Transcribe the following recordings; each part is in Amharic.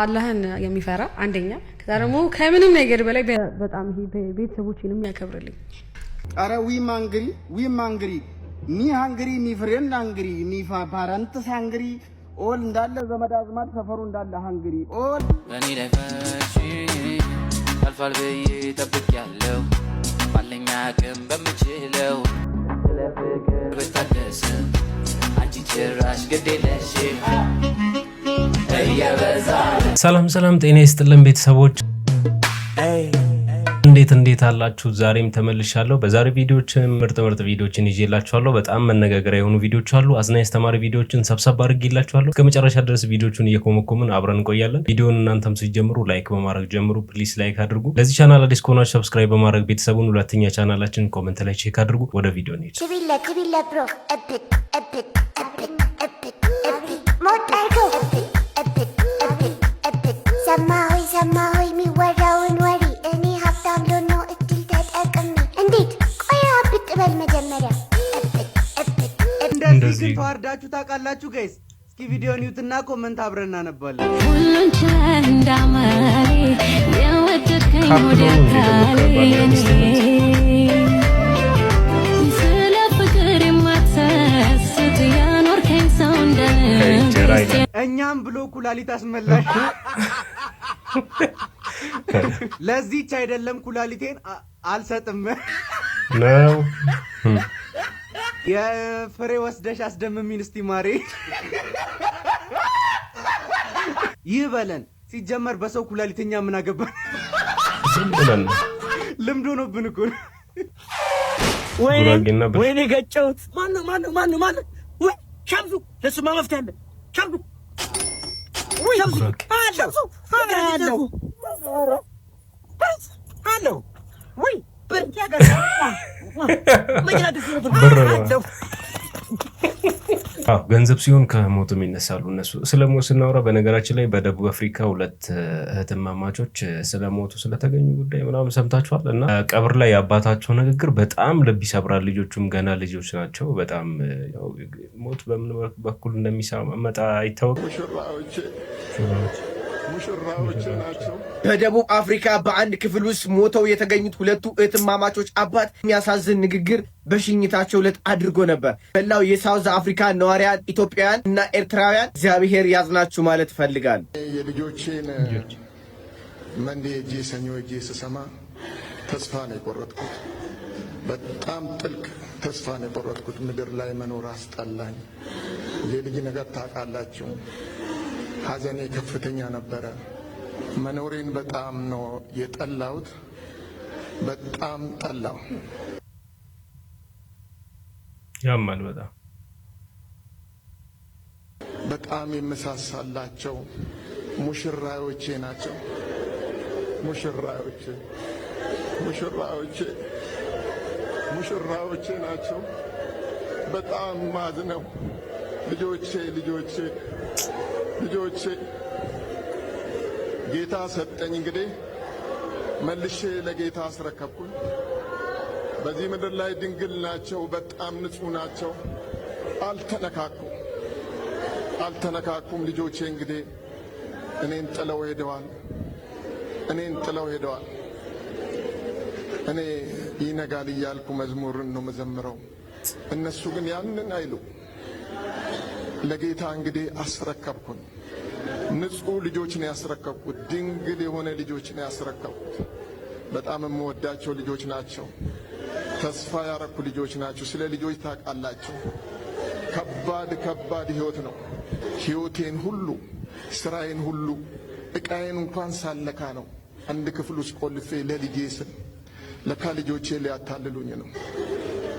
አላህን የሚፈራ አንደኛ፣ ከዛ ደግሞ ከምንም ነገር በላይ በጣም ይሄ ቤተሰቦችን የሚያከብርልኝ። አረ ዊ ማንግሪ ዊ ማንግሪ ሚ ሃንግሪ ሚ ፍሬንድ ሃንግሪ ሚ ፓረንትስ ሃንግሪ ኦል እንዳለ ዘመድ አዝማድ ሰፈሩ እንዳለ ሃንግሪ ኦል ላይ ደፈሽ አልፋል ብዬ ጠብቅ ያለው ባለኝ አቅም በምችለው ስለ ፍቅር አንቺ ጭራሽ ግድ የለሽም ሰላም ሰላም፣ ጤና ይስጥልን ቤተሰቦች እንዴት እንዴት አላችሁ? ዛሬም ተመልሻለሁ። በዛሬ ቪዲዮዎችን ምርጥ ምርጥ ቪዲዮችን ይዤላችኋለሁ። በጣም መነጋገሪያ የሆኑ ቪዲዮች አሉ። አዝናኝ አስተማሪ ቪዲዮችን ሰብሰብ አድርጌላችኋለሁ። እስከ መጨረሻ ድረስ ቪዲዮዎቹን እየኮመኮምን አብረን እንቆያለን። ቪዲዮን እናንተም ሲጀምሩ ላይክ በማድረግ ጀምሩ። ፕሊስ ላይክ አድርጉ። ለዚህ ቻናል አዲስ ከሆናችሁ ሰብስክራይብ በማድረግ ቤተሰቡን፣ ሁለተኛ ቻናላችን ኮመንት ላይ ቼክ አድርጉ። ወደ ቪዲዮ እንሂድ። እንደዚህ ተዋርዳችሁ ታውቃላችሁ ጋይስ? እስኪ ቪዲዮ ኒውት ኮመንት አብረን እናነባለን። ሁሉን ቸንዳመሪ የወደድከኝ ስለ ፍቅር የማትሰስት ያኖርከኝ ሰው እንደ እኛም ብሎ ኩላሊት አስመላሽ ለዚች አይደለም ኩላሊቴን አልሰጥም ነው የፍሬ ወስደሽ አስደምሚን እስቲ ማሬ ይህ በለን። ሲጀመር በሰው ኩላሊተኛ ምን አገባን? ዝም ብለን ልምድ ሆኖብን እኮ ወይኔ ገጨሁት። ማነው ማነው ማነው ማነው? ወይ ሸምሱ፣ ለእሱማ መፍትሄ አለ። ሸምሱ አለው ወይ ብር ገንዘብ ሲሆን ከሞትም ይነሳሉ እነሱ። ስለ ሞት ስናወራ በነገራችን ላይ በደቡብ አፍሪካ ሁለት እህትማማቾች ስለ ሞቱ ስለተገኙ ጉዳይ ምናምን ሰምታችኋል። እና ቀብር ላይ የአባታቸው ንግግር በጣም ልብ ይሰብራል። ልጆቹም ገና ልጆች ናቸው። በጣም ሞት በምን በኩል እንደሚመጣ አይታወቅም። ሙሽራዎች ናቸው። በደቡብ አፍሪካ በአንድ ክፍል ውስጥ ሞተው የተገኙት ሁለቱ እህትማማቾች አባት የሚያሳዝን ንግግር በሽኝታቸው ዕለት አድርጎ ነበር። በላው የሳውዝ አፍሪካ ነዋሪያን ኢትዮጵያውያን እና ኤርትራውያን እግዚአብሔር ያዝናችሁ ማለት እፈልጋለሁ። የልጆቼን መንዴ እጄ ሰኞ እጄ ስሰማ ተስፋ ነው የቆረጥኩት። በጣም ጥልቅ ተስፋ ነው የቆረጥኩት። ምድር ላይ መኖር አስጠላኝ። የልጅ ነገር ታውቃላችሁ ሐዘኔ ከፍተኛ ነበረ። መኖሬን በጣም ነው የጠላሁት። በጣም ጠላው። ያማል። በጣም በጣም የመሳሳላቸው ሙሽራዮቼ ናቸው። ሙሽራዮቼ ሙሽራዮቼ ሙሽራዎቼ ናቸው። በጣም ማዝ ነው ልጆቼ ልጆቼ ልጆች ጌታ ሰጠኝ፣ እንግዲህ መልሼ ለጌታ አስረከብኩኝ። በዚህ ምድር ላይ ድንግል ናቸው፣ በጣም ንጹህ ናቸው፣ አልተነካኩም አልተነካኩም። ልጆቼ እንግዲህ እኔን ጥለው ሄደዋል፣ እኔን ጥለው ሄደዋል። እኔ ይነጋል እያልኩ መዝሙርን ነው መዘምረው፣ እነሱ ግን ያንን አይሉ ለጌታ እንግዲህ አስረከብኩን። ንጹሕ ልጆች ነው ያስረከብኩት። ድንግል የሆነ ልጆች ነው ያስረከብኩት። በጣም የምወዳቸው ልጆች ናቸው። ተስፋ ያረኩ ልጆች ናቸው። ስለ ልጆች ታውቃላቸው። ከባድ ከባድ ህይወት ነው። ህይወቴን ሁሉ ስራዬን ሁሉ እቃዬን እንኳን ሳለካ ነው አንድ ክፍል ውስጥ ቆልፌ ለልጄ ስል ለካ ልጆቼ ሊያታልሉኝ ነው።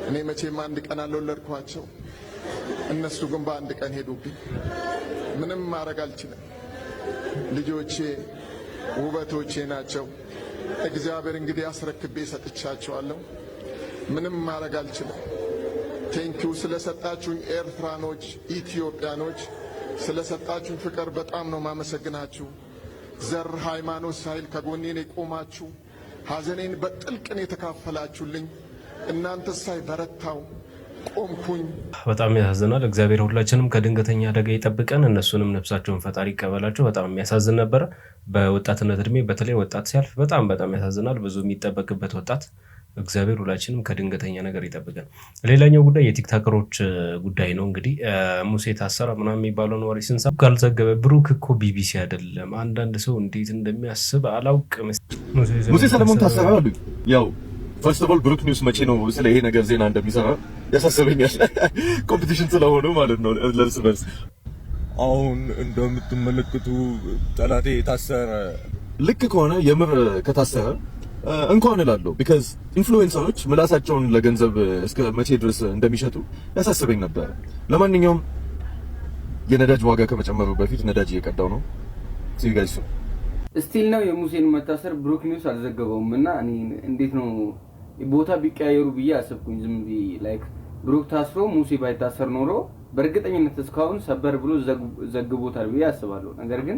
እኔ መቼም አንድ ቀን አልወለድኳቸው እነሱ ግን በአንድ ቀን ሄዱብኝ። ምንም ማድረግ አልችልም። ልጆቼ ውበቶቼ ናቸው። እግዚአብሔር እንግዲህ አስረክቤ ሰጥቻቸዋለሁ። ምንም ማድረግ አልችልም። ቴንኪው ስለሰጣችሁኝ፣ ኤርትራኖች፣ ኢትዮጵያኖች ስለሰጣችሁኝ ፍቅር በጣም ነው ማመሰግናችሁ። ዘር፣ ሃይማኖት ሳይል ከጎኔን የቆማችሁ ሐዘኔን በጥልቅን የተካፈላችሁልኝ እናንተ ሳይ በረታው ቆምኩኝ። በጣም ያሳዝናል። እግዚአብሔር ሁላችንም ከድንገተኛ አደጋ ይጠብቀን፣ እነሱንም ነፍሳቸውን ፈጣሪ ይቀበላቸው። በጣም የሚያሳዝን ነበረ። በወጣትነት እድሜ በተለይ ወጣት ሲያልፍ በጣም በጣም ያሳዝናል። ብዙ የሚጠበቅበት ወጣት እግዚአብሔር ሁላችንም ከድንገተኛ ነገር ይጠብቀን። ሌላኛው ጉዳይ የቲክታከሮች ጉዳይ ነው። እንግዲህ ሙሴ ታሰራ ምናምን የሚባለውን ወሬ ስንሳ ካልዘገበ ብሩክ እኮ ቢቢሲ አይደለም። አንዳንድ ሰው እንዴት እንደሚያስብ አላውቅም። ሙሴ ሰለሞን ታሰራ አሉ። ያው ፈርስት ኦፍ ኦል ብሩክ ኒውስ መቼ ነው ስለ ይሄ ነገር ዜና እንደሚሰራ ያሳሰበኛል። ኮምፒቲሽን ስለሆነ ማለት ነው ለእርስ በርስ። አሁን እንደምትመለከቱ ጠላቴ የታሰረ ልክ ከሆነ የምር ከታሰረ እንኳን እላለሁ። ቢካዝ ኢንፍሉዌንሰሮች ምላሳቸውን ለገንዘብ እስከ መቼ ድረስ እንደሚሸጡ ያሳስበኝ ነበር። ለማንኛውም የነዳጅ ዋጋ ከመጨመሩ በፊት ነዳጅ እየቀዳው ነው ሲጋጅ ስቲል ነው የሙሴን መታሰር ብሩክ ኒውስ አልዘገበውም እና እኔ እንዴት ነው ቦታ ቢቀያየሩ ብዬ አሰብኩኝ ዝም ላይክ ብሩክ ታስሮ ሙሴ ባይታሰር ኖሮ በእርግጠኝነት እስካሁን ሰበር ብሎ ዘግቦታል ብዬ አስባለሁ። ነገር ግን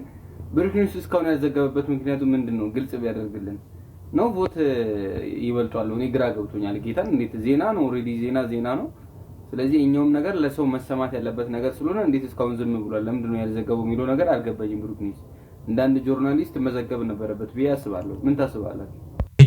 ብሩክንስ እስካሁን ያዘገበበት ምክንያቱ ምንድን ነው? ግልጽ ቢያደርግልን ነው። ቮት ይበልጧል። እኔ ግራ ገብቶኛል። ጌታን እንዴት ዜና ነው ኦልሬዲ ዜና ዜና ነው። ስለዚህ እኛውም ነገር ለሰው መሰማት ያለበት ነገር ስለሆነ እንዴት እስካሁን ዝም ብሏል? ለምንድን ነው ያልዘገበው የሚለው ነገር አልገባኝም። ብሩክ እንዳንድ ጆርናሊስት መዘገብ ነበረበት ብዬ አስባለሁ። ምን ታስባለህ?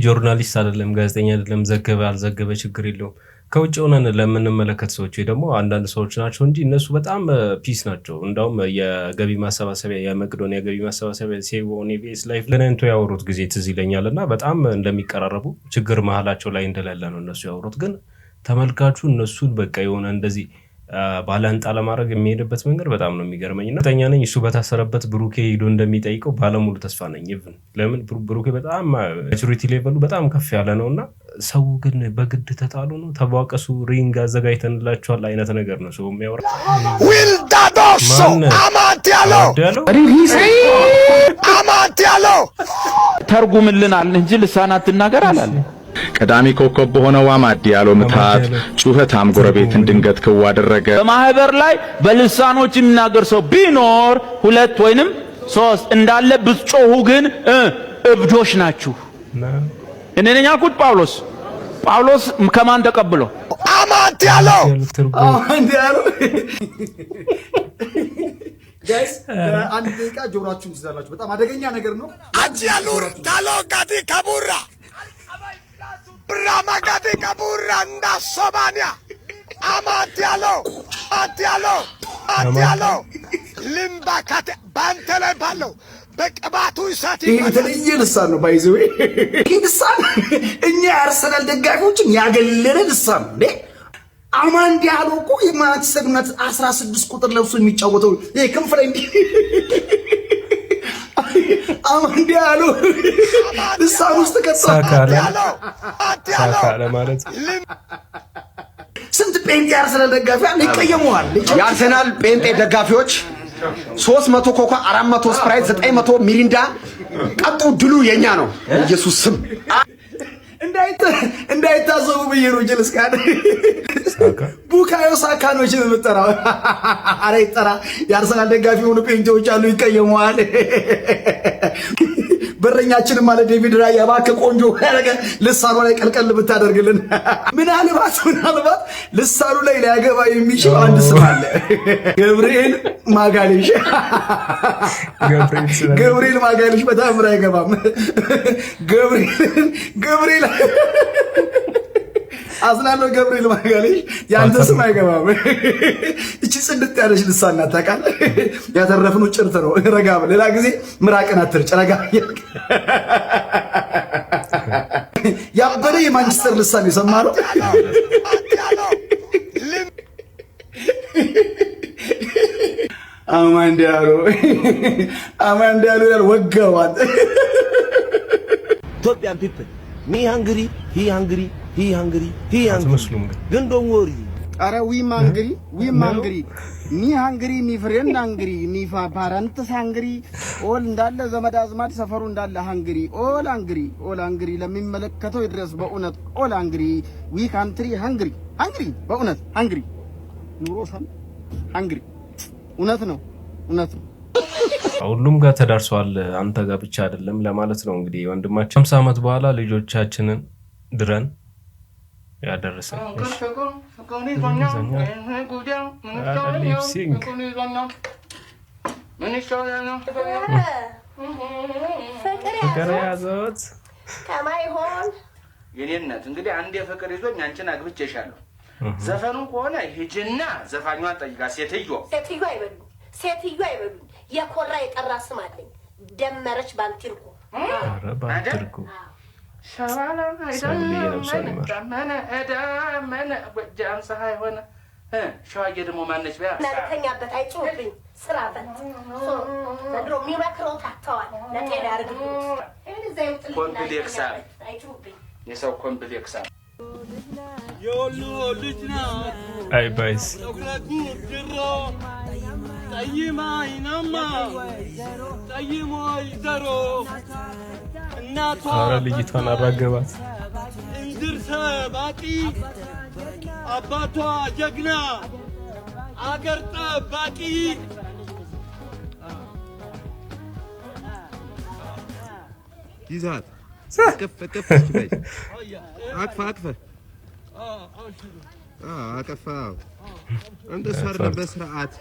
ጆርናሊስት አይደለም ጋዜጠኛ አይደለም። ዘገበ አልዘገበ ችግር የለውም። ከውጭ ሆነን ለምንመለከት ሰዎች ወይ ደግሞ አንዳንድ ሰዎች ናቸው እንጂ እነሱ በጣም ፒስ ናቸው። እንዳውም የገቢ ማሰባሰቢያ የመቅዶን የገቢ ማሰባሰቢያ ሴቦን ኦን ኢቢኤስ ላይፍ ለናንቶ ያወሩት ጊዜ ትዝ ይለኛል እና በጣም እንደሚቀራረቡ ችግር መሀላቸው ላይ እንደሌለ ነው እነሱ ያወሩት። ግን ተመልካቹ እነሱን በቃ የሆነ እንደዚህ ባለህንጣ ለማድረግ የሚሄድበት መንገድ በጣም ነው የሚገርመኝ እና ተኛ ነኝ እሱ በታሰረበት ብሩኬ ሂዶ እንደሚጠይቀው ባለሙሉ ተስፋ ነኝ። ኢቭን ለምን ብሩኬ በጣም ማቹሪቲ ሌቨሉ በጣም ከፍ ያለ ነው እና ሰው ግን በግድ ተጣሉ ነው ተቧቀሱ፣ ሪንግ አዘጋጅተንላቸዋል አይነት ነገር ነው ሰው የሚያወራ ዊልዳዶሶ አማት ያለው አማት እንጂ ልሳናት ትናገር አላለ ቀዳሚ ኮከብ በሆነው አማዲ ያሎ ምትሃት ጩኸታም ጎረቤትን ድንገት ክው አደረገ። በማህበር ላይ በልሳኖች የሚናገር ሰው ቢኖር ሁለት ወይንም ሶስት እንዳለ ብትጮሁ ግን እብዶች ናችሁ። እኔ ነኝ አልኩት። ጳውሎስ ጳውሎስ ከማን ተቀብሎ አማት ያለው አንድ ደቂቃ ጆሮአችሁን ትዛላችሁ። በጣም አደገኛ ነገር ነው። አጂ ያሉር ታሎቃቲ ከቡራ ብራማጋዲ ቀቡራንዳ ሶባንያ አማትያሎ አትያሎ አትያሎ ልምባካቴ በአንተ ላይ ባለው በቅባቱ እሳት የተለየ ልሳን ነው። ባይዘዌ ይህ ልሳን እኛ የአርሰናል ደጋፊዎችን ያገለለ ልሳን ነው። አማን ዲያሎ እኮ የማንቸስተር ዩናይትድ አስራ ቁጥር ለብሶ የሚጫወተው ክንፍ ላይ እንዲህ እንዲ ያለው ልሳን ውስጥ ከሳካለ ማለት ስንት ጴንጤ ያርሰናል ደጋፊ አለ፣ ይቀየመዋል። የአርሰናል ጴንጤ ደጋፊዎች ሶስት መቶ ኮካ፣ አራት መቶ ስፕራይት፣ ዘጠኝ መቶ ሚሪንዳ ቀጡ። ድሉ የኛ ነው። ኢየሱስ ስም እንዳይታዘቡ ብዬ ነው እንጂ ቡካዮ ሳካ ነው እችን የምጠራው። አረ ይጠራ። የአርሰናል ደጋፊ የሆኑ ጴንጤዎች አሉ፣ ይቀየመዋል። በረኛችን ማለት ዴቪድ ራያ እባክህ ቆንጆ ልሳኑ ላይ ቀልቀል ብታደርግልን። ምናልባት ምናልባት ልሳኑ ላይ ሊያገባ የሚችል አንድ ስም አለ፣ ገብርኤል ማጋሌሽ። ገብርኤል ማጋሌሽ በታምር አይገባም። ገብርኤል ገብርኤል አዝናለው ገብርኤል ማጋሌሽ ያንተ ስም አይገባም። እቺ ጽድት ያለች ልሳና ታውቃለህ። ያተረፍነው ጭርት ነው። ረጋ ብለህ ሌላ ጊዜ ምራቅን አትርጭ። ረጋ ያበደ የማንቸስተር ልሳን የሰማ ነው። አማንዲያሉ አማንዲያሉ ያል ወገዋል ኢትዮጵያን ፒፕል ሚ ሃንግሪ ሂ ሃንግሪ ሂ ሃንግሪ ሂ ሃንግሪ ግን ዶን ወሪ አረ ዊ ማንግሪ ዊ ማንግሪ ሚ ሃንግሪ ሚ ፍሬንድ ሃንግሪ ሚ ፓረንትስ ሃንግሪ ኦል እንዳለ ዘመድ አዝማድ ሰፈሩ እንዳለ ሃንግሪ ኦል ሃንግሪ ኦል ሃንግሪ ለሚመለከተው ይድረስ በእውነት ኦል ሃንግሪ ዊ ካንትሪ ሃንግሪ ሃንግሪ በእውነት ሃንግሪ ኑሮ ሰም ሃንግሪ እውነት ነው እውነት ነው። ሁሉም ጋር ተዳርሷል። አንተ ጋር ብቻ አይደለም ለማለት ነው እንግዲህ ወንድማችን። 50 ዓመት በኋላ ልጆቻችንን ድረን ያደረሰ ፍቅር ያዘውት ከማይሆን የኔ እናት እንግዲህ አንድ የፍቅር ይዞኝ አንቺን አግብቼሻለሁ። ዘፈኑ ከሆነ ሂጂና ዘፋኟን ጠይቃ። ሴትዮ ሴትዮ ሴትዮ የኮራ የጠራ ስም አለኝ። ደመረች ጎጃም ፀሐይ ሆነ። ሸዋዬ ደግሞ ማነች? ተኛበት፣ አይጭውብኝ፣ ስራበት። ዘንድሮ የሚመክረው ታተዋል። ለጤና ያርግልኝ። ኮምፕሌክሳ የሰው ኮምፕሌክሳ የወሎ ልጅ ናት። አይ ባይስ ድሮ ጠይማ ይናማ ጠይሞ ይዘሮ እናቷ ልጅቷን አራገባት። እንድርሰ ባቂ አባቷ ጀግና አገርጠ ባቂ ይዛት ከፍ ከፍ ይበል አቅፈ አቅፈ አቀፋ እንደሱ አይደለም በስርዓት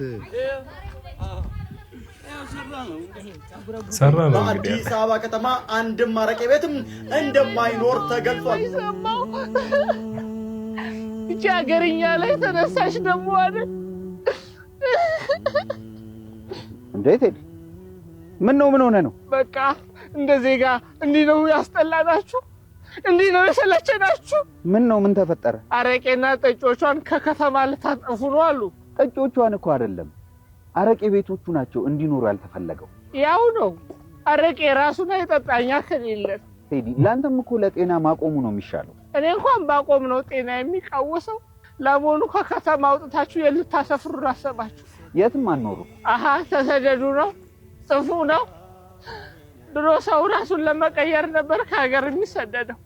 ሰራ ነው። በአዲስ አበባ ከተማ አንድም አረቄ ቤትም እንደማይኖር ተገልጿል። እቺ ሀገርኛ ላይ ተነሳሽ ደግሞ አለ እንዴት ሄድ ምን ነው ምን ሆነ ነው? በቃ እንደ ዜጋ እንዲህ ነው ያስጠላናችሁ፣ እንዲህ ነው የሰለቸናችሁ። ምን ነው ምን ተፈጠረ? አረቄና ጠጮቿን ከከተማ ልታጠፉ ነው አሉ። ጠጮቿን እኮ አይደለም አረቄ ቤቶቹ ናቸው እንዲኖሩ ያልተፈለገው። ያው ነው አረቄ ራሱን አይጠጣኛ ከሌለን ቴዲ፣ ለአንተም እኮ ለጤና ማቆሙ ነው የሚሻለው። እኔ እንኳን ባቆም ነው ጤና የሚቃወሰው። ለመሆኑ ከከተማ አውጥታችሁ የልታሰፍሩ አሰባችሁ? የትም አኖሩ። አሀ ተሰደዱ ነው ጽፉ ነው። ድሮ ሰው ራሱን ለመቀየር ነበር ከሀገር የሚሰደደው።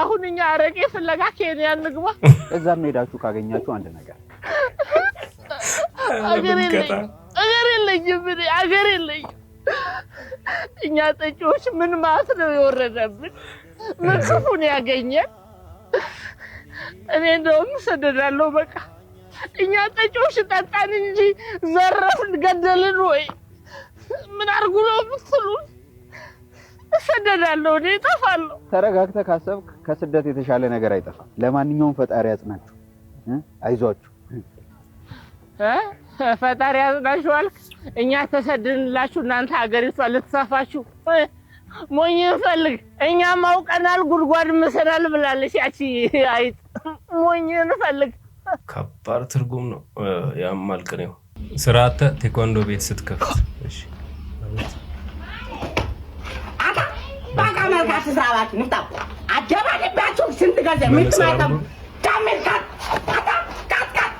አሁን እኛ አረቄ ፍለጋ ኬንያ እንግባ። እዛም ሄዳችሁ ካገኛችሁ አንድ ነገር አገር የለኝም፣ አገር የለኝም፣ አገር የለኝም። እኛ ጠጪዎች ምን ማት ነው የወረደብን? ምን ክፉን ያገኘን? እኔ እንደውም ሰደዳለሁ በቃ እኛ ጠጪዎች ጠጣን እንጂ ዘረፍን፣ ገደልን ወይ ምን አድርጉ ነው የምትሉን? እሰደዳለሁ፣ እኔ እጠፋለሁ። ተረጋግተህ ካሰብክ ከስደት የተሻለ ነገር አይጠፋም። ለማንኛውም ፈጣሪ ያጽናችሁ፣ አይዟችሁ። ፈጣሪ ያዝናችሁ አልክ። እኛ ተሰድንላችሁ እናንተ ሀገሪቷ ልትሰፋችሁ ሞኝ እንፈልግ። እኛም አውቀናል ጉድጓድ ምስናል ብላለች ያቺ አይጥ። ሞኝ እንፈልግ። ከባድ ትርጉም ነው ያማል ነው ስርዓተ ቴኳንዶ ቤት ስትከፍት ስንት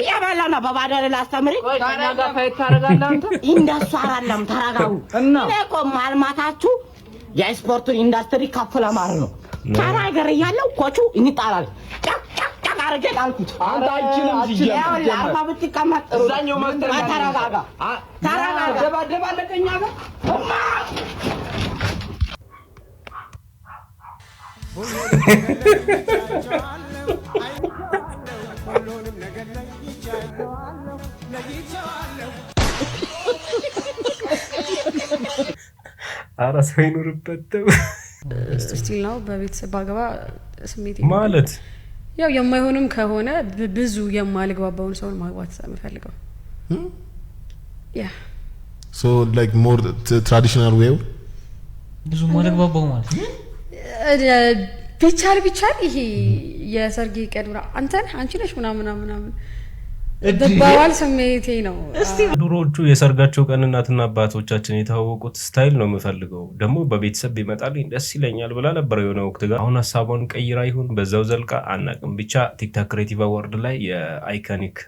እያበላና በባዳ ላስተምር ኢንዱስትሪ አይደለም። ተረጋጉ። እኔ እኮ ማልማታችሁ የስፖርቱን ኢንዱስትሪ ከፍ ለማድረግ ነው። ተራ ሀገር እያለው ኮቹ እንጣላል ጨቅጨቅጨቅ አድርጌ ጣልኩት። አርባ ብትቀመጥ ተረጋጋ፣ ተረጋጋ። ደባደባለቀኛ ኧረ ሰው ይኑርበት ስቲል ነው በቤተሰብ አገባ ስሜት ማለት ያው የማይሆንም ከሆነ ብዙ የማልግባባውን ሰውን ማግባት የምፈልገው ሶ ላይክ ሞር ትራዲሽናል ዌው ብዙ ማልግባባው ማለት ነው። ቢቻል ቢቻል ይሄ የሰርጌ ቀድ አንተ አንቺ ነሽ ምናምን ምናምን በባዋል ስሜቴ ነው። እስቲ ኑሮዎቹ የሰርጋቸው ቀን እናትና አባቶቻችን የተዋወቁት ስታይል ነው የምፈልገው። ደግሞ በቤተሰብ ቢመጣልኝ ደስ ይለኛል ብላ ነበር የሆነ ወቅት ጋር። አሁን ሀሳቧን ቀይራ ይሁን በዛው ዘልቃ አናቅም። ብቻ ቲክታክ ክሬቲቭ አዋርድ ላይ የአይኮኒክ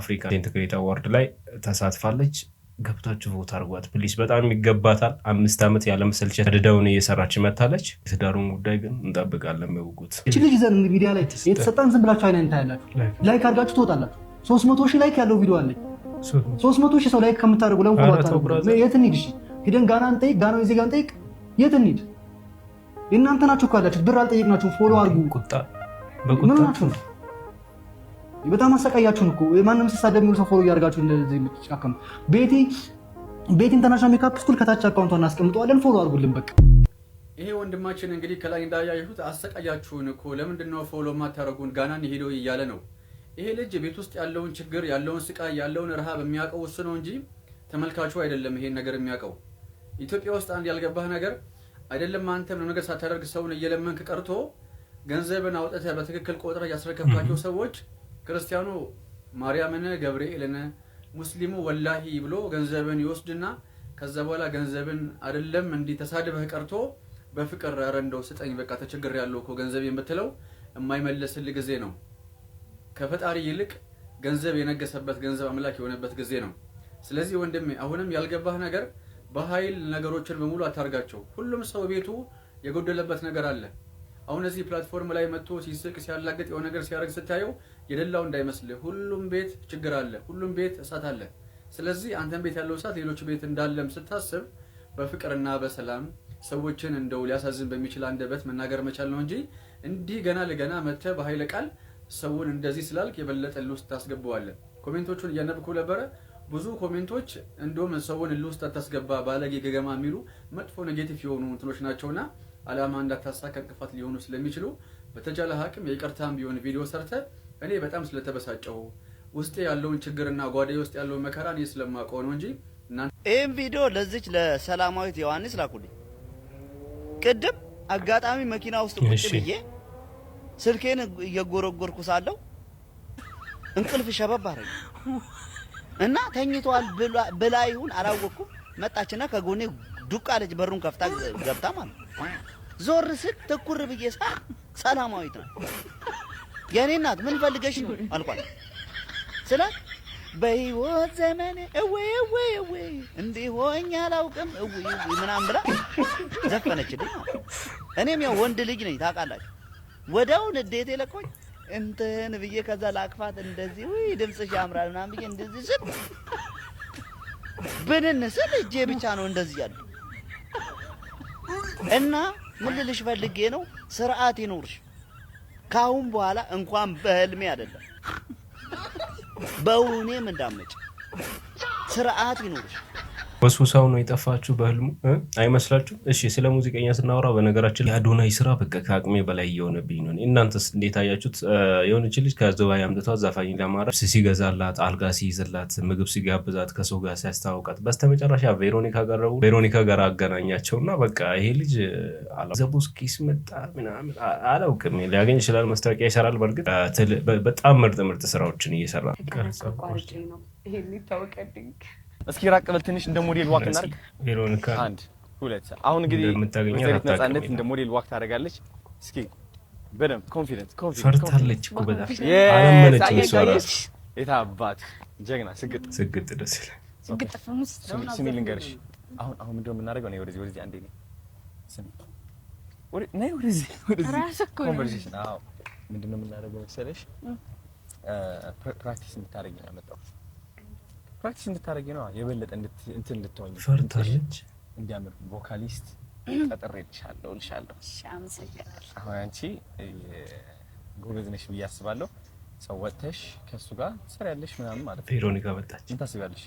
አፍሪካ ኢንተግሬት አዋርድ ላይ ተሳትፋለች። ገብታችሁ ቦታ አድርጓት ፕሊስ፣ በጣም ይገባታል። አምስት ዓመት ያለመሰልቸት ድዳውን እየሰራች መታለች። የትዳሩን ጉዳይ ግን እንጠብቃለን። መውቁት ይህች ልጅ ይዘን ሚዲያ ላይ የተሰጠን ዝም ብላችሁ አይነት ታያላችሁ፣ ላይክ አድርጋችሁ ትወጣላችሁ ሶስት መቶ ሺህ ላይክ ያለው ቪዲዮ አለኝ። ሶስት መቶ ሺህ ሰው ላይክ ከምታደርጉ ለምን ፎሎ አታደርጉ? የት እንሂድ? እሺ ሂደን ጋና እንጠይቅ፣ ጋናዊ ዜጋ እንጠይቅ፣ የት እንሂድ? የእናንተ እኮ ካላችሁ ብር አልጠየቅናችሁም። ፎሎ አድርጉ። ምን ናችሁ? በጣም አሰቃያችሁን እኮ ማንም ሲሳደብ የሚሉ ሰው ፎሎ እያደርጋችሁ እንደዚህ የምትጫከሙ ቤቲ ቤቲ ኢንተርናሽናል ሜካፕ ስኩል ከታች አካውንቷ እናስቀምጠዋለን። ፎሎ አድርጉልን በቃ። ይሄ ወንድማችን እንግዲህ ከላይ እንዳያችሁት አሰቃያችሁን እኮ ለምንድን ነው ፎሎ ማታደርጉን? ጋናን ሄዶ እያለ ነው ይሄ ልጅ ቤት ውስጥ ያለውን ችግር ያለውን ስቃይ ያለውን ረሃብ የሚያውቀው ውስ ነው እንጂ ተመልካቹ አይደለም። ይሄን ነገር የሚያውቀው ኢትዮጵያ ውስጥ አንድ ያልገባህ ነገር አይደለም አንተ ምንም ነገር ሳታደርግ ሰውን እየለመንክ ቀርቶ ገንዘብን አውጥተህ በትክክል ቆጥረ ያስረከብካቸው ሰዎች ክርስቲያኑ ማርያምን፣ ገብርኤልን፣ ሙስሊሙ ወላሂ ብሎ ገንዘብን ይወስድና ከዛ በኋላ ገንዘብን አይደለም እንዲህ ተሳድበህ ቀርቶ በፍቅር ኧረ ስጠኝ በቃ ተቸግሬያለሁ እኮ ገንዘብ የምትለው የማይመለስል ጊዜ ነው። ከፈጣሪ ይልቅ ገንዘብ የነገሰበት ገንዘብ አምላክ የሆነበት ጊዜ ነው። ስለዚህ ወንድሜ አሁንም ያልገባህ ነገር በኃይል ነገሮችን በሙሉ አታርጋቸው። ሁሉም ሰው ቤቱ የጎደለበት ነገር አለ። አሁን እዚህ ፕላትፎርም ላይ መጥቶ ሲስቅ ሲያላግጥ የሆነ ነገር ሲያደርግ ስታየው የሌላው እንዳይመስልህ። ሁሉም ቤት ችግር አለ። ሁሉም ቤት እሳት አለ። ስለዚህ አንተን ቤት ያለው እሳት ሌሎች ቤት እንዳለም ስታስብ በፍቅርና በሰላም ሰዎችን እንደው ሊያሳዝን በሚችል አንደበት መናገር መቻል ነው እንጂ እንዲህ ገና ለገና መጥተህ በኃይለ ቃል ሰውን እንደዚህ ስላልክ የበለጠ እል ውስጥ ታስገባዋለን። ኮሜንቶቹን እያነብኩ ነበረ። ብዙ ኮሜንቶች እንደውም ሰውን እል ውስጥ አታስገባ፣ ባለጌ፣ ገገማ የሚሉ መጥፎ ኔጌቲቭ የሆኑ እንትኖች ናቸውና አላማ እንዳታሳካ እንቅፋት ሊሆኑ ስለሚችሉ በተቻለ ሀቅም የቅርታም ቢሆን ቪዲዮ ሰርተ እኔ በጣም ስለተበሳጨሁ ውስጤ ያለውን ችግርና ጓዳዬ ውስጥ ያለውን መከራ እኔ ስለማውቀው ነው እንጂ ይህም ቪዲዮ ለዚች ለሰላማዊት ዮሐንስ ላኩልኝ። ቅድም አጋጣሚ መኪና ውስጥ ቁጭ ብዬ ስልኬን እየጎረጎርኩ ሳለው እንቅልፍ ሸበብ አረኝ እና ተኝቷል ብላ ይሁን አላወቅኩም። መጣችና ከጎኔ ዱቅ አለች። በሩን ከፍታ ገብታ ማለት ዞር ስል ትኩር ብዬ ሳ ሰላማዊት ነው። የእኔ ናት። ምን ፈልገሽ ነው አልኳል። ስላት በህይወት ዘመን እወይ እዌ እዌ እንዲህ ሆኜ አላውቅም እዌ ምናምን ብላ ዘፈነችልኝ። እኔም ያው ወንድ ልጅ ነኝ ታውቃላችሁ። ወዲያው ንዴቴ ለቆኝ እንትን ብዬ ከዛ ላቅፋት እንደዚህ ውይ ድምፅሽ ያምራል ምናምን ብዬ እንደዚህ ስል ብንን ስል እጄ ብቻ ነው እንደዚህ ያሉ እና ምን ልልሽ ፈልጌ ነው ስርዓት ይኖርሽ። ካሁን በኋላ እንኳን በህልሜ አይደለም በእውኔም እንዳመጭ ስርዓት ይኖርሽ። በሱ ነው የጠፋችሁ በህልሙ አይመስላችሁ? እሺ ስለ ሙዚቀኛ ስናወራ በነገራችን የአዶናይ ስራ በቃ ከአቅሜ በላይ እየሆነብኝ ነው። እናንተስ እንዴት አያችሁት? የሆነች ልጅ ከዘባይ አምጥቷት ዘፋኝ ለማድረግ ሲገዛላት፣ አልጋ ሲይዝላት፣ ምግብ ሲጋብዛት፣ ከሰው ጋር ሲያስተዋውቃት በስተመጨረሻ ቬሮኒካ ጋረቡ ቬሮኒካ ጋር አገናኛቸው እና በቃ ይሄ ልጅ ዘቡስኪስ መጣ ምናምን አላውቅም። ሊያገኝ ይችላል፣ መስታወቂያ ይሰራል። በእርግጥ በጣም ምርጥ ምርጥ ስራዎችን እየሰራ ነው። እስኪ ራቅ በል ትንሽ እንደ ሞዴል ዋክ እናድርግ። አንድ ሁለት። አሁን እንግዲህ ወይዘሪት ነጻነት እንደ ሞዴል ዋክ ታደርጋለች። እስኪ በደንብ ኮንፊደንት ኮንፊደንስ። ፈርታለች እኮ በጣም አላመነች። የት አባት ጀግና ስግጥ ስግጥ ደስ ይላል። ስግጥ ፈሙስ ስሚ ልንገርሽ። አሁን አሁን ምንድን ነው የምናደርገው? ነው ወደዚህ ወደዚህ፣ አንዴ ነው ስሚ፣ ነይ ወደዚህ ወደዚህ። ኮንቨርሴሽን አዎ፣ ምንድን ነው የምናደርገው መሰለሽ? ፕራክቲስ እንድታደርጊ ነው ያመጣሁት ፕራክቲስ እንድታደርጊ ነው የበለጠ እንትን እንድትሆኝ ፈርታለች። እንዲያምር ቮካሊስት ቀጥሬልሻለሁ እልሻለሁ። አሁን አንቺ ጎበዝ ነሽ ብዬ አስባለሁ። ሰው ወጥተሽ ከእሱ ጋር ትሰሪያለሽ ምናምን ማለት ነው። ቬሮኒካ መጣች። ምን ታስቢያለሽ?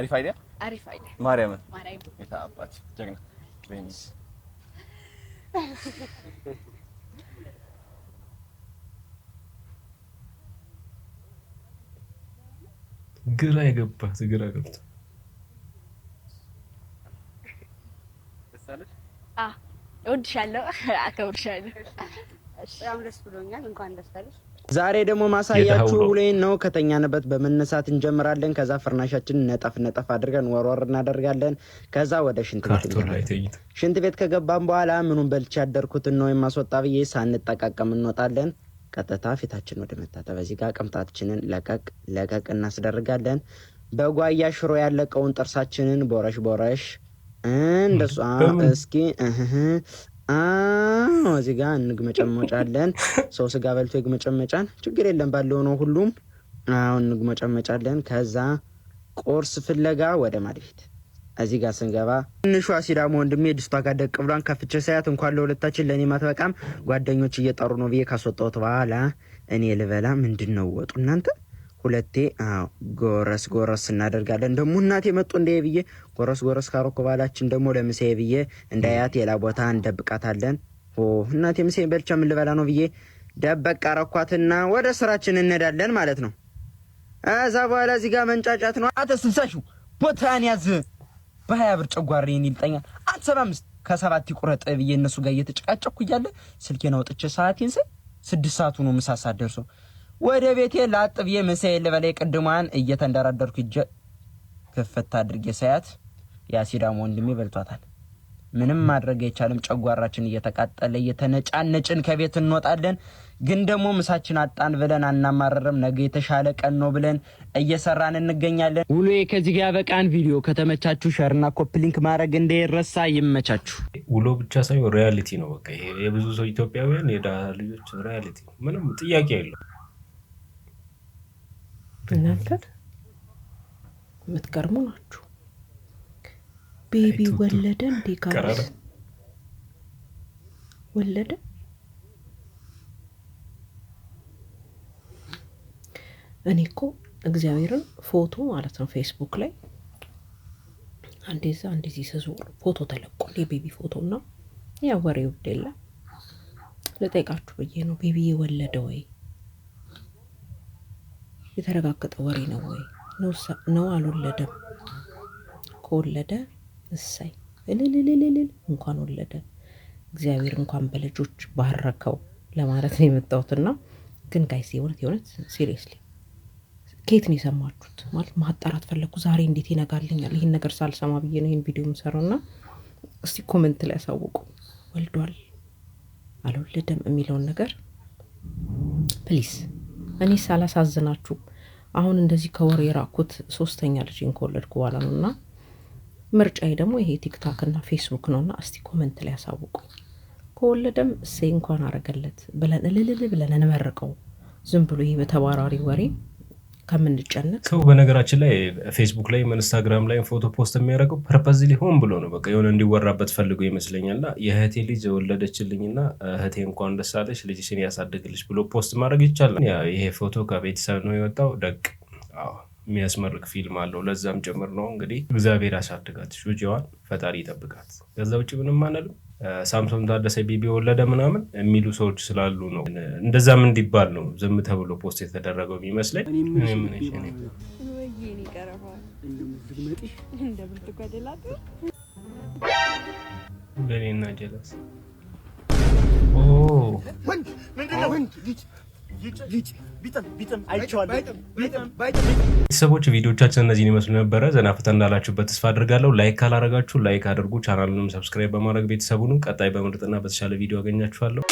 አሪፍ አይዲያ፣ አሪፍ አይዲያ። ማርያምን ማርያም አባት ጀግና ግራ የገባት ግራ ገብቶ እወድሻለሁ፣ አከብርሻለሁ። ዛሬ ደግሞ ማሳያችሁ ውሎዬን ነው። ከተኛንበት በመነሳት እንጀምራለን። ከዛ ፍርናሻችን ነጠፍ ነጠፍ አድርገን ወርወር እናደርጋለን። ከዛ ወደ ሽንት ቤት ሽንት ቤት ከገባን በኋላ ምኑን በልቼ ያደርኩትን ነው የማስወጣ ብዬ ሳንጠቃቀም እንወጣለን። ቀጥታ ፊታችን ወደ መታጠብ እዚህ ጋር ቅምጣታችንን ለቀቅ ለቀቅ እናስደርጋለን። በጓያ ሽሮ ያለቀውን ጥርሳችንን ቦረሽ ቦረሽ እንደሷ እስኪ እዚህ ጋር እንግመጨመጫለን። ሰው ስጋ በልቶ ይግመጨመጫን፣ ችግር የለም ባለው ነው ሁሉም። አሁን እንግመጨመጫለን። ከዛ ቁርስ ፍለጋ ወደ ማድፊት እዚህ ጋር ስንገባ ትንሿ ሲዳሞ ወንድሜ ድስቷ ጋር ደቅ ብሏን ከፍቼ ሳያት እንኳን ለሁለታችን ለእኔ ማትበቃም ጓደኞች እየጠሩ ነው ብዬ ካስወጣሁት በኋላ እኔ ልበላ ምንድን ነው ወጡ እናንተ ሁለቴ ጎረስ ጎረስ እናደርጋለን። ደግሞ እናቴ መጡ እንደ ብዬ ጎረስ ጎረስ ካሮኮ ባላችን ደግሞ ለምሴ ብዬ እንዳያት ሌላ ቦታ እንደብቃታለን። እናቴ ምሴ በልቻ ምን ልበላ ነው ብዬ ደበቅ አረኳትና ወደ ስራችን እንሄዳለን ማለት ነው። እዛ በኋላ እዚህ ጋር መንጫጫት ነው። አተስብሳሹ ቦታን ያዝ በሀያ ብር ጨጓራዬን ይልጠኛል። አንተ ሰባ አምስት ከሰባት ይቁረጥ ብዬ እነሱ ጋር እየተጨቃጨኩ እያለ ስልኬን አውጥቼ ሰዓቴን ስል ስድስት ሰዓቱ ነው ምሳ ሰዓት ደርሶ ወደ ቤቴ ላጥ ብዬ ምሳዬ ልበላይ ቅድሟን እየተንደራደርኩ እጀ ክፍት አድርጌ ሳያት የአሲዳም ወንድሜ በልቷታል። ምንም ማድረግ አይቻልም። ጨጓራችን እየተቃጠለ እየተነጫነጭን ከቤት እንወጣለን። ግን ደግሞ ምሳችን አጣን ብለን አናማረርም። ነገ የተሻለ ቀን ነው ብለን እየሰራን እንገኛለን። ውሎ ከዚህ ጋር በቃን። ቪዲዮ ከተመቻችሁ ሸርና ኮፕሊንክ ማድረግ እንዳይረሳ። ይመቻችሁ። ውሎ ብቻ ሳይሆን ሪያሊቲ ነው። በቃ ይሄ የብዙ ሰው ኢትዮጵያውያን የድሃ ልጆች ሪያሊቲ ነው። ምንም ጥያቄ የለው። እናንተ የምትገርሙ ናችሁ። ቤቢ ወለደ እንዴ? ወለደ እኔ እኮ እግዚአብሔርን ፎቶ ማለት ነው ፌስቡክ ላይ አንዴዛ እንደዚህ ስዞር ፎቶ ተለቋል። የቤቢ ፎቶ ና ያ ወሬ ውድ የለ ልጠይቃችሁ ብዬ ነው። ቤቢ የወለደ ወይ የተረጋገጠ ወሬ ነው ወይ ነው? አልወለደም። ከወለደ እሰይ እልልልልልል እንኳን ወለደ እግዚአብሔር እንኳን በልጆች ባረከው ለማለት ነው የመጣሁትና ግን ጋይስ የሆነት የሆነት ሲሪየስሊ ከየት ነው የሰማችሁት? ማለት ማጣራት ፈለግኩ ዛሬ እንዴት ይነጋልኛል? ይህን ነገር ሳልሰማ ብዬ ነው ይህን ቪዲዮ የምሰራው እና እስቲ ኮመንት ላይ ያሳውቁ። ወልዷል አልወለደም የሚለውን ነገር ፕሊስ። እኔ ሳላሳዝናችሁ አሁን እንደዚህ ከወር የራኩት ሶስተኛ ልጅን ከወለድኩ በኋላ ነው እና ምርጫዬ ደግሞ ይሄ ቲክታክ እና ፌስቡክ ነው እና እስቲ ኮመንት ላይ ያሳውቁ። ከወለደም እሴ እንኳን አረገለት ብለን እልልል ብለን እንመርቀው። ዝም ብሎ ይሄ በተባራሪ ወሬ ከምንጨነቅ ሰው በነገራችን ላይ ፌስቡክ ላይ ኢንስታግራም ላይ ፎቶ ፖስት የሚያደርገው ፐርፐዝ ሊሆን ብሎ ነው። በቃ የሆነ እንዲወራበት ፈልጎ ይመስለኛልና የእህቴ ልጅ ወለደችልኝና እህቴ እንኳን ደስ አለሽ ልጅሽን ያሳድግልሽ ብሎ ፖስት ማድረግ ይቻላል። ይሄ ፎቶ ከቤተሰብ ነው የወጣው። ደቅ የሚያስመርቅ ፊልም አለው። ለዛም ጭምር ነው እንግዲህ እግዚአብሔር ያሳድጋት፣ ሹጂዋን ፈጣሪ ይጠብቃት። ከዛ ውጭ ምንም አንልም። ሳምሶን ታደሰ ቢቢ ወለደ ምናምን የሚሉ ሰዎች ስላሉ ነው። እንደዛም እንዲባል ነው ዝም ተብሎ ፖስት የተደረገው የሚመስለኝ። ገኔና ጀለስ ቤተሰቦች ቪዲዮቻችን እነዚህን ይመስሉ ነበረ። ዘናፍታ እንዳላችሁበት ተስፋ አድርጋለሁ። ላይክ ካላረጋችሁ ላይክ አድርጉ። ቻናሉንም ሰብስክራይብ በማድረግ ቤተሰቡንም ቀጣይ በምርጥና በተሻለ ቪዲዮ አገኛችኋለሁ።